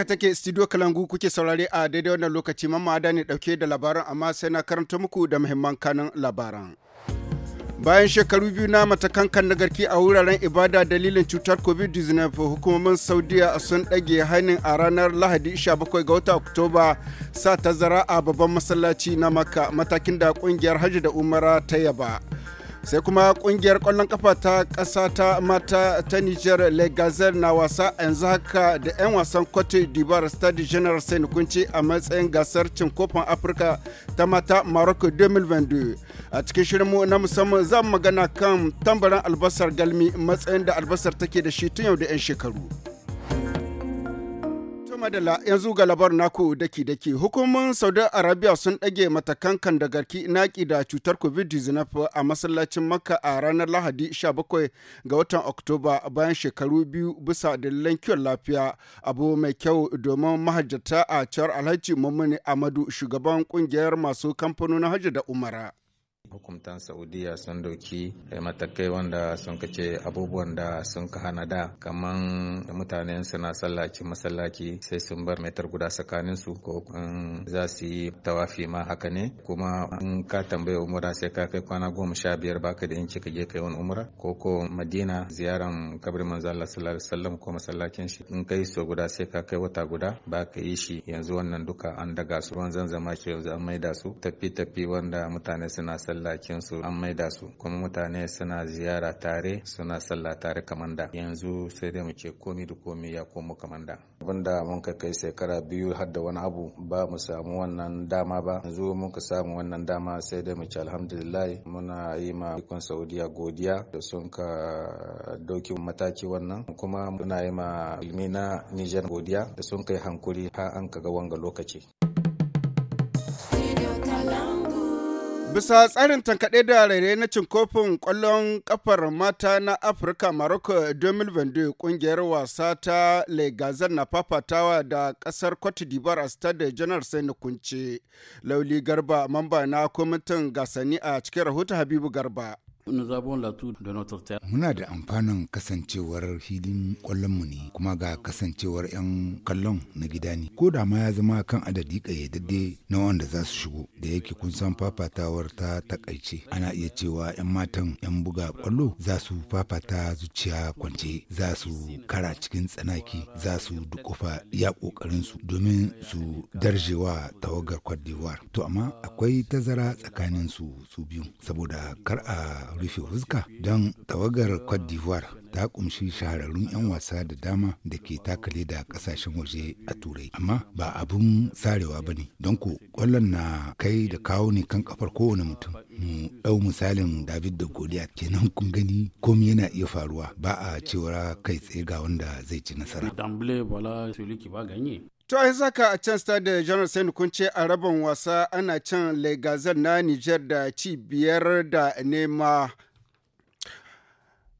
haka take studio kalangu kuke saurare a daidai wannan lokaci mamma da ne dauke da labaran amma sai na karanta muku da muhimman kanin labaran. bayan shekaru biyu na kan nagarki a wuraren ibada dalilin cutar covid-19 hukumomin saudiya sun ɗage hainin a ranar lahadi 17 ga wata oktoba sa tazara a babban masallaci na makka matakin da ƙungiyar hajji da umara ta yaba sai kuma kungiyar kwallon kafa ta ƙasa ta mata ta niger gazelle na wasa yanzu haka da 'yan wasan cote d'ivoire stade general sain kunci a matsayin gasar cin kofin afirka ta mata morocco 2022 a cikin shirinmu na musamman za mu magana kan tambarin albasar galmi matsayin da albasar take da shi tun yau da 'yan shekaru. madala yanzu ga labar naku daki daki hukumomin saudi arabia sun ɗage matakan kan da garki naki da cutar covid-19 a masallacin makka a ranar lahadi 17 ga watan oktoba bayan shekaru biyu bisa dalilan kiwon lafiya abu mai kyau domin mahajjata a cewar alhaji mummuni amadu shugaban kungiyar masu kamfanonin hajji da umara hukumtan saudiya sun dauki eh, matakai wanda sun kace abubuwan da sun ka hana da kaman mutane suna sallaci masallaci sai sun bar metar guda tsakanin su ko za su yi tawafi ma haka ne kuma in ka tambaye umura sai ka kai kwana goma sha biyar baka da yanci ka kai wani umura ko ko madina ziyaran kabrin manzo Allah sallallahu alaihi ko masallacin shi in kai so guda sai ka kai wata guda baka yi shi yanzu wannan duka an daga su ruwan zanzama shi yanzu an maida su tafi tafi wanda mutane suna masallacin su an da su kuma mutane suna ziyara tare suna sallah tare kamar da yanzu sai dai mu ce komi da komi ya komo kamar da abinda mun ka kai shekara biyu har da wani abu ba mu samu wannan dama ba yanzu mun ka samu wannan dama sai dai mu ce alhamdulillah muna yi ma ikon saudiya godiya da sun ka dauki mataki wannan kuma muna yi ma ilmi na niger godiya da sun kai hankuri har an ka ga wanga lokaci Bisa tsarin tankaɗe da rairaye na cin kofin ƙwallon ƙafar mata na Afirka Maroko 2022 ƙungiyar wasa ta legazan na fafatawa da ƙasar Cote d'Ivoire a Stade General sai na kunce. Lauli Garba mamba na kwamitin gasani a cikin rahoton Habibu Garba. Muna da amfanin kasancewar ƙwallon mu ne kuma ga kasancewar 'yan kallon na gida ne. Ko da ma ya zama kan adadi ƙayyadadde na wanda za su shigo da yake kun san fafatawar ta takaice. Ana iya cewa 'yan matan 'yan buga kwallo za su fafata zuciya kwance, za su kara cikin tsanaki, za su dukufa iya su domin su darjewa tawagar Cote To amma akwai tazara tsakanin su su biyu saboda kar a rufe fuska don tawagar Cote d'Ivoire ta kumshi shahararrun 'yan wasa da dama da ke takale da kasashen waje a turai amma ba abun sarewa ba ne don ko kwallon na kai da kawo ne kan kafar kowane mutum mu ɗau misalin david da godiya. kenan kun gani komi yana iya faruwa ba a cewa kai tsaye ga wanda zai ci nasara To a haka a can stade General Sen kunce a rabin wasa ana can Legazan na Nijar da ci biyar da nema.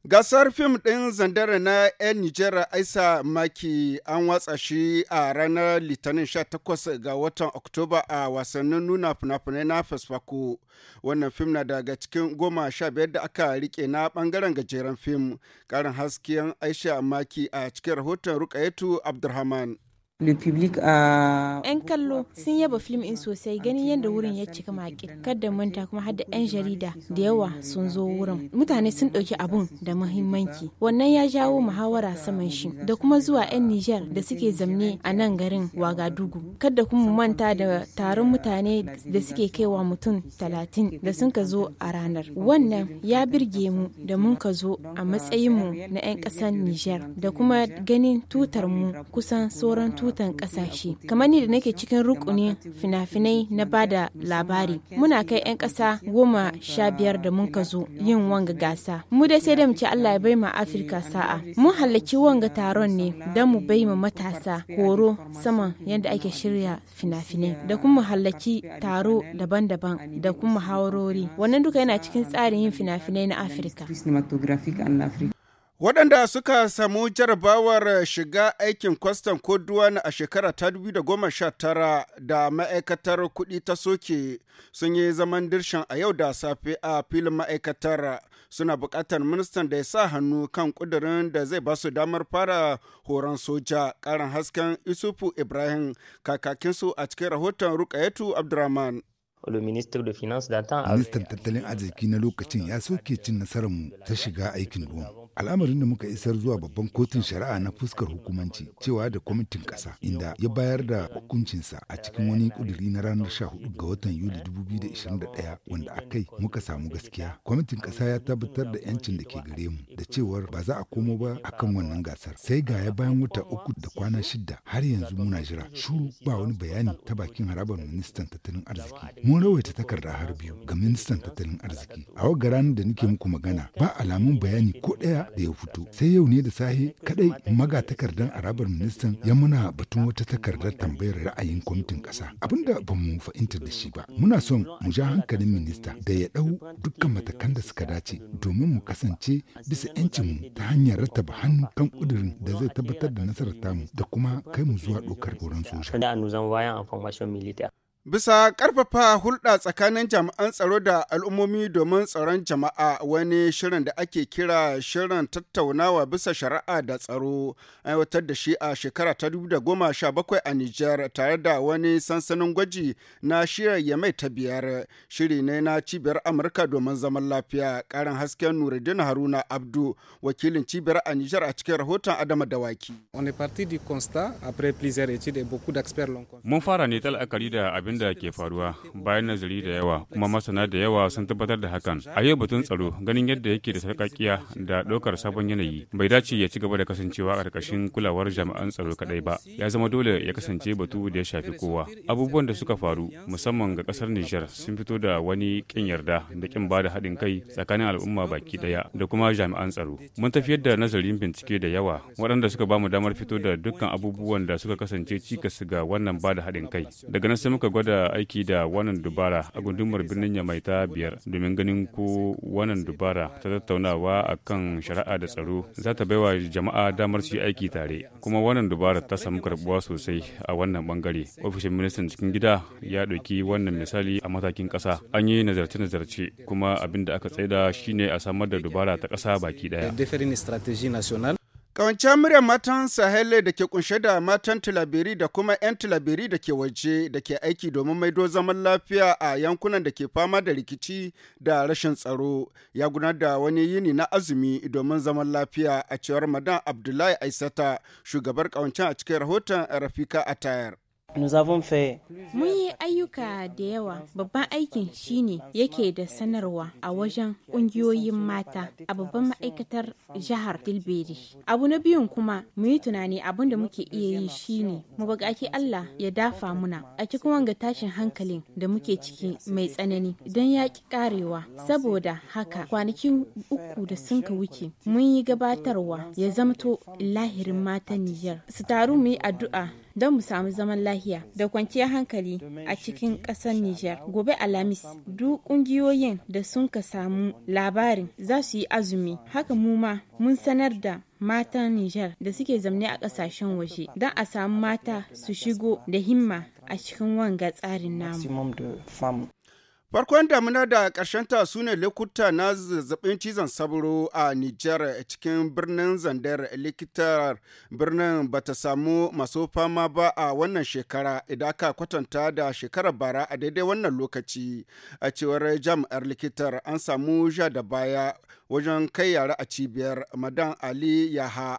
Gasar fim ɗin zandara na 'yan Nijar Aisa Maki an watsa shi a ranar Litinin 18 ga watan Oktoba a wasannin nuna fina-finai na fasfako Wannan fim na daga cikin goma sha biyar da aka rike na bangaren gajeren fim. Karin hasken Aisha Maki a cikin rahoton Rukayetu abdurrahman 'Yan kallo sun yaba fim in sosai ganin yadda wurin ya cika maki Kadda manta kuma hada 'yan jarida da yawa sun zo wurin. Mutane sun ɗauki abun da mahimmanci. Wannan ya jawo muhawara saman shi da kuma zuwa 'yan Nijar da suke zamne a nan garin Wagadugu. Kadda kuma mu manta da taron mutane da suke kaiwa mutum talatin da sun ka zo a ranar. Wannan ya birge mu da mun ka zo a matsayin mu na 'yan ƙasar Nijar da kuma ganin tutar mu kusan sauran tutar rahoton kasashe kamar ni da nake cikin rukunin fina-finai na bada labari muna kai 'yan ƙasa goma sha biyar da mun ka zo yin wanga gasa mu dai sai da mu ce allah ya bai ma afirka sa'a mun halarci wanga taron ne don mu bai ma matasa horo saman yadda ake shirya fina-finai da kuma halarci taro daban-daban da kuma hawarori wannan duka yana cikin tsarin yin fina-finai na afirka Waɗanda suka samu jarabawar shiga aikin kwastam ko duwan a shekara ta tara da ma'aikatar kuɗi ta soke sun yi zaman dirshan a yau da safe a filin ma'aikatar suna buƙatar ministan da ya sa hannu kan ƙudurin da zai ba su damar fara horon soja ƙarin hasken isufu ibrahim kakakinsu a cikin rahoton rukayetu abdurrahman ministan tattalin arziki na lokacin ya soke cin nasararmu ta shiga aikin ruwan al'amarin da muka isar zuwa babban kotun shari'a na fuskar hukumanci cewa da kwamitin ƙasa inda ya bayar da hukuncinsa a cikin wani kuduri na ranar 14 ga watan yuli 2021 wanda a kai muka samu gaskiya kwamitin ƙasa ya tabbatar da 'yancin da ke gare mu da cewar ba za a komo ba a kan wannan gasar sai ga ya bayan wata uku da kwana shida har yanzu muna jira shuru ba wani bayani ta bakin harabar ministan tattalin arziki mun rawaita takarda har biyu ga ministan tattalin arziki a ranar da nake muku magana ba alamun bayani ko ɗaya da ya fito sai yau ne da sahi kadai magatakardan arabar ministan ya muna batun wata takardar tambayar ra'ayin kwamitin kasa abinda ba mu fahimta da shi ba muna son mu ja hankalin minista da ya dau dukkan matakan da suka dace domin mu kasance bisa yancin mu ta hanyar rattaba hannu kan kudirin da zai tabbatar da nasarar tamu da kuma kai mu zuwa dokar horon soja. Bisa ƙarfafa hulɗa tsakanin jami'an tsaro da al'ummomi domin tsaron jama'a wani shirin da ake kira shirin tattaunawa bisa shari'a da tsaro aiwatar da shi a shekara ta 2017 a Nijar tare da wani sansanin gwaji na shirin mai ta biyar shiri ne na cibiyar Amurka domin zaman lafiya ƙarin hasken Nuruddin Haruna Abdu wakilin cibiyar a Nijar a cikin rahoton Adama Dawaki. Mun fara ne tal'akari da abin da ke faruwa bayan nazari da yawa kuma masana da yawa sun tabbatar da hakan. A yau batun tsaro ganin yadda yake da sarƙaƙiya da ɗaukar sabon yanayi bai dace ya ci gaba da kasancewa a ƙarƙashin kulawar jami'an tsaro kaɗai ba. Ya zama dole ya kasance batu da ya shafi kowa. Abubuwan da suka faru musamman ga ƙasar Nijar sun fito da wani ƙin yarda da ƙin ba da haɗin kai tsakanin al'umma baki ɗaya da kuma jami'an tsaro. Mun tafiyar da nazarin bincike da yawa waɗanda suka ba mu damar fito da dukkan abubuwan da suka kasance cikas ga wannan ba da haɗin kai. Daga nan sai muka gwada aiki da wannan dubara a gundumar birnin yamaita ta biyar domin ganin ko wannan dubara ta tattaunawa a kan shari'a da tsaro za ta baiwa jama'a damar su yi aiki tare. Kuma wannan dubara ta samu karbuwa sosai a wannan bangare. Ofishin ministan cikin gida ya ɗauki wannan misali a matakin ƙasa. An yi nazarce-nazarce kuma abin da aka tsaida shine a samar da dubara ta ƙasa baki ɗaya. Kawancen muryar matan Sahel da ke kunshe da matan Tilabiri da kuma 'yan Tilabiri da ke waje da ke aiki domin maido zaman lafiya a yankunan da ke fama da rikici da rashin tsaro ya gudanar da wani yini na azumi domin zaman lafiya a cewar Madan Abdullahi Aisata shugabar kawancen a cikin rahoton Rafika a tayar. Mun yi ayyuka da yawa babban aikin shine yake da sanarwa a wajen ƙungiyoyin mata a babban ma'aikatar jihar Tilbiri. Abu na biyun kuma mu yi tunani abin da muke iya yi shine mu buƙaci Allah ya dafa muna a cikin wanga tashin hankalin da muke ciki mai tsanani don ya ƙi ƙarewa. Saboda haka kwanakin uku da sun ka wuce mun yi gabatarwa ya zamto lahirin matan Nijar. Su taru mu yi addu'a don mu samu zaman lahiya da kwanciyar hankali a cikin ƙasar Nijar. Gobe Alhamis duk ƙungiyoyin da sun ka samu labarin za su yi azumi. Haka mu ma mun sanar da matan Nijar da suke zamne a ƙasashen waje don a samu mata su shigo da himma a cikin wanga tsarin namu. Farkon damuna da ta su ne lokuta na zazzabin cizon sauro a Nijar cikin birnin Zandar likitar birnin ba ta samu masu fama ba a wannan shekara idan aka kwatanta da shekarar bara a daidai wannan lokaci a cewar jam'ar likitar an samu ja da baya wajen kai yara a cibiyar madan Ali Yaha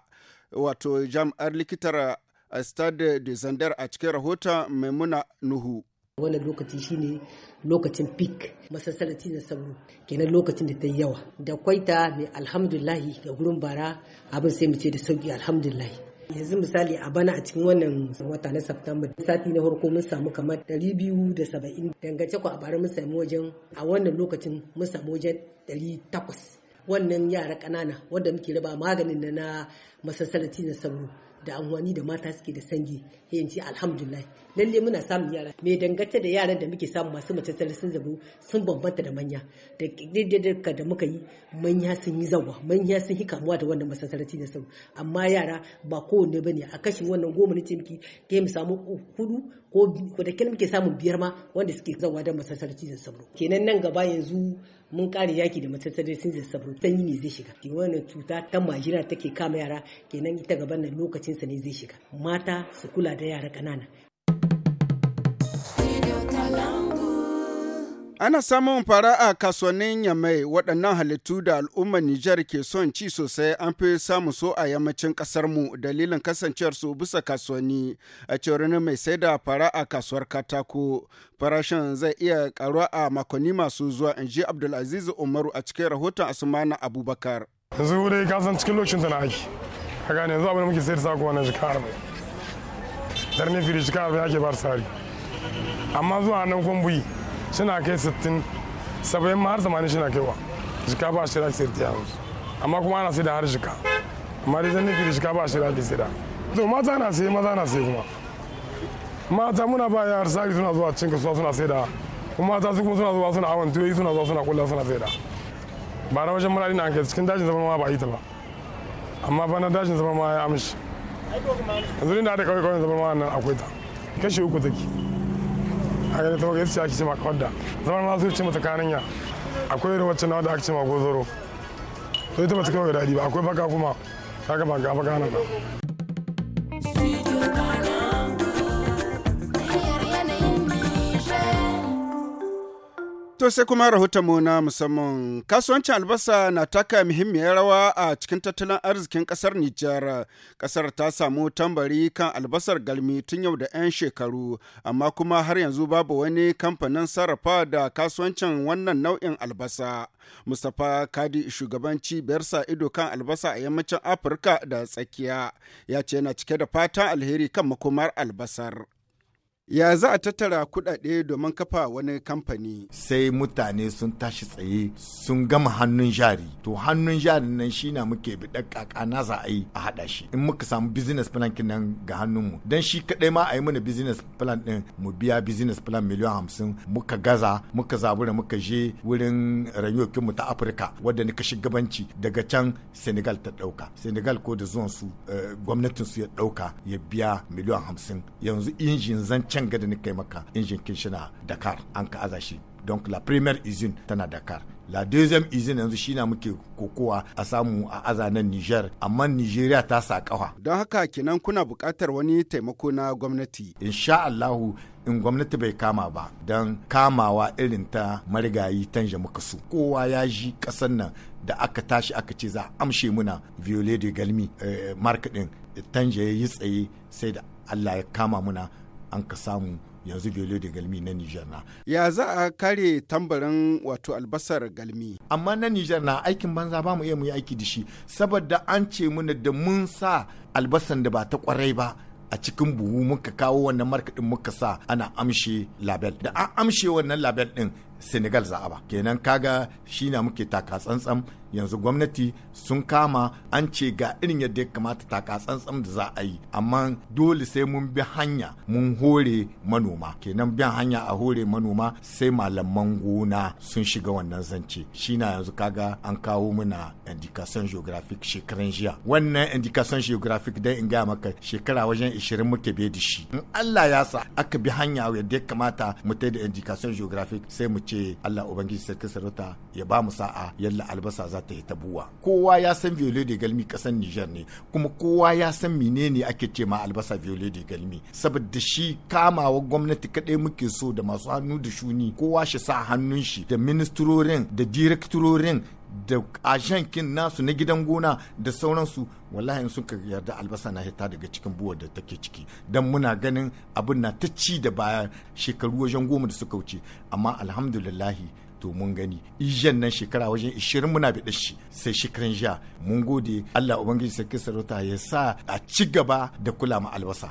wato jam'ar likitar a Stade de Zandar a cikin rahoton Maimuna Nuhu. wannan lokaci shine lokacin peak masasalaci na sauro kenan lokacin da ta yi yawa da kwaita mai alhamdulahi ga gurin bara abin sai mu ce da sauki alhamdulahi yanzu misali a bana a cikin wannan wata na september sati na farko mun samu kamar 270 dangance ku a bara mun samu wajen a wannan lokacin mun samu wajen 800 wannan yara ƙanana wanda muke raba maganin na masassarci na sauro da amfani da mata suke da sange in ce alhamdulillah lalle muna samun yara mai dangata da yaran da muke samu masu mace sun zabu sun bambanta da manya da daidaika da muka yi manya sun yi zawa manya sun yi kamuwa da wannan masassarci da sau amma yara ba kowanne ba ne a kashin wannan goma na cimki ke mu samu hudu ko da muke samun biyar ma wanda suke zawa da masassarci da sau kenan nan gaba yanzu mun kare yaki da matattalin sinzin sabon sanyi ne zai shiga wannan cuta ta majina take kama yara kenan ita gaban nan lokacin sa ne zai shiga mata su kula da da yara ƙanana Ana samun fara a kasuwannin Yamai waɗannan halittu da al'ummar Nijar ke son ci sosai an fi samu so a yammacin ƙasarmu dalilin kasancewar su bisa kasuwanni a cewar mai sai da fara a kasuwar katako. Farashin zai iya ƙaruwa a makonni masu zuwa in ji Abdulaziz Umaru a cikin rahoton Asumana Abubakar. Yanzu dai san cikin lokacin tana aiki. Ka yanzu abin da muke sayar da sako wannan jika zarnin firish ka abin ake bar sari amma zuwa nan kwambuyi suna kai sittin 70 ma har 80 suna kaiwa jika ba shi rake sirti house amma kuma ana sai da har jika amma dai zarnin firish ka ba shi rake sira to mata na sai maza na sai kuma mata muna ba yar sari suna zuwa cin kasuwa suna sai da kuma mata su kuma suna zuwa suna awon tuyoyi suna zuwa suna kula suna sai da ba na wajen murari na kai cikin dajin zama ma ba a yi ta ba amma bana dajin zama ma ya amshi yanzu inda da kawai kawai zaman ma nan akwai ta kashe uku take a gani ta maka ita ce ake ce ma kawadda zaman ma su ce mata kananya akwai irin wacce nawa da ake ce ma gozoro to ita ba ta kawai daɗi ba akwai baka kuma kaga ba ga baka nan ba To sai kuma mu na musamman kasuwancin albasa na taka muhimmiyar rawa a cikin tattalin arzikin kasar Nijar. Kasar ta samu tambari kan albasar galmi tun yau da 'yan shekaru, amma kuma har yanzu babu wani kamfanin sarrafa da kasuwancin wannan nau'in albasa. Mustapha Kadi shugaban cibiyar sa ido kan albasa a yammacin Afirka da tsakiya ya ce yana cike da fatan alheri kan makomar albasar. ya za a tattara kudade domin kafa wani kamfani sai mutane sun tashi tsaye sun gama hannun jari to hannun jari nan shi na muke biɗa kaka na za a yi a haɗa shi in muka samu business plan nan ga hannun mu dan shi kaɗai ma a yi mana business plan ɗin mu biya business plan miliyan hamsin muka gaza muka zabura muka je wurin mu ta afirka wadda nika gabanci daga can senegal ta ɗauka senegal ko da zuwan su eh, gwamnatin su ya ɗauka ya biya miliyan hamsin yanzu injin zancen can gada ni kai maka injin kinshina dakar an ka aza shi la première usine tana dakar la deuxième usine yanzu shi na muke kokowa a samu a azanan niger amma nigeria ta sa kawa don haka kinan kuna buƙatar wani taimako na gwamnati insha allahu in gwamnati bai kama ba don kamawa irin ta marigayi tanja muka su kowa ya ji ƙasar nan da aka tashi aka ce za a amshe muna violet de galmi eh, marketing tanja ya yi tsaye sai da allah ya kama muna an ka samu yanzu velo da galmi na Nijar na. Ya za a kare tambarin wato albasar galmi. Amma na Nijar na aikin banza ba mu iya mu yi aiki da shi saboda an ce muna da mun sa albasan da ba ta kwarai ba a cikin buhu muka kawo wannan markaɗin muka sa ana amshe label da an amshe wannan label ɗin senegal za'a ba kenan kaga shi na muke taka tsantsan yanzu gwamnati sun kama an ce ga irin yadda ya kamata taka tsantsan da za a yi amma dole sai mun bi hanya mun hore manoma kenan biyan hanya a hore manoma sai malaman gona sun shiga wannan zance shi na yanzu kaga an kawo muna indication geographic shekaran jiya wannan indication geographic dai in gaya maka shekara wajen 20 muke bai da shi in Allah ya sa aka bi hanya yadda ya kamata mu da indication geographic sai mu ce Allah ubangiji sarki sarauta ya ba mu sa'a yalla albasa za ta ta buwa kowa ya san viole de galmi kasan nijar ne kuma kowa ya san menene ake ce ma albasa viole de galmi saboda shi kamawa gwamnati kaɗai muke so da masu hannu da shuni kowa shi sa hannun shi da ministrorin da direktorin da ajankin nasu na gidan gona da sauransu wallahi sun ka yarda albasa na hita daga cikin buwar da take ciki don muna ganin abin na ta ci da baya shekaru wajen goma da suka wuce amma alhamdulillahi to mun gani ijen nan shekara wajen 20 muna bi shi sai shekaran jiya mun gode Allah ubangiji sarki sarauta ya sa a ci gaba da kula ma albasa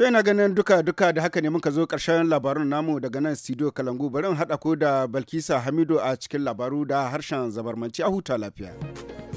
To yana ganin duka-duka da haka ne muka zo karshen labarun namu daga nan studio Kalangu barin haɗa ko da Balkisa Hamidu a cikin labaru da harshen zabarmanci a huta lafiya.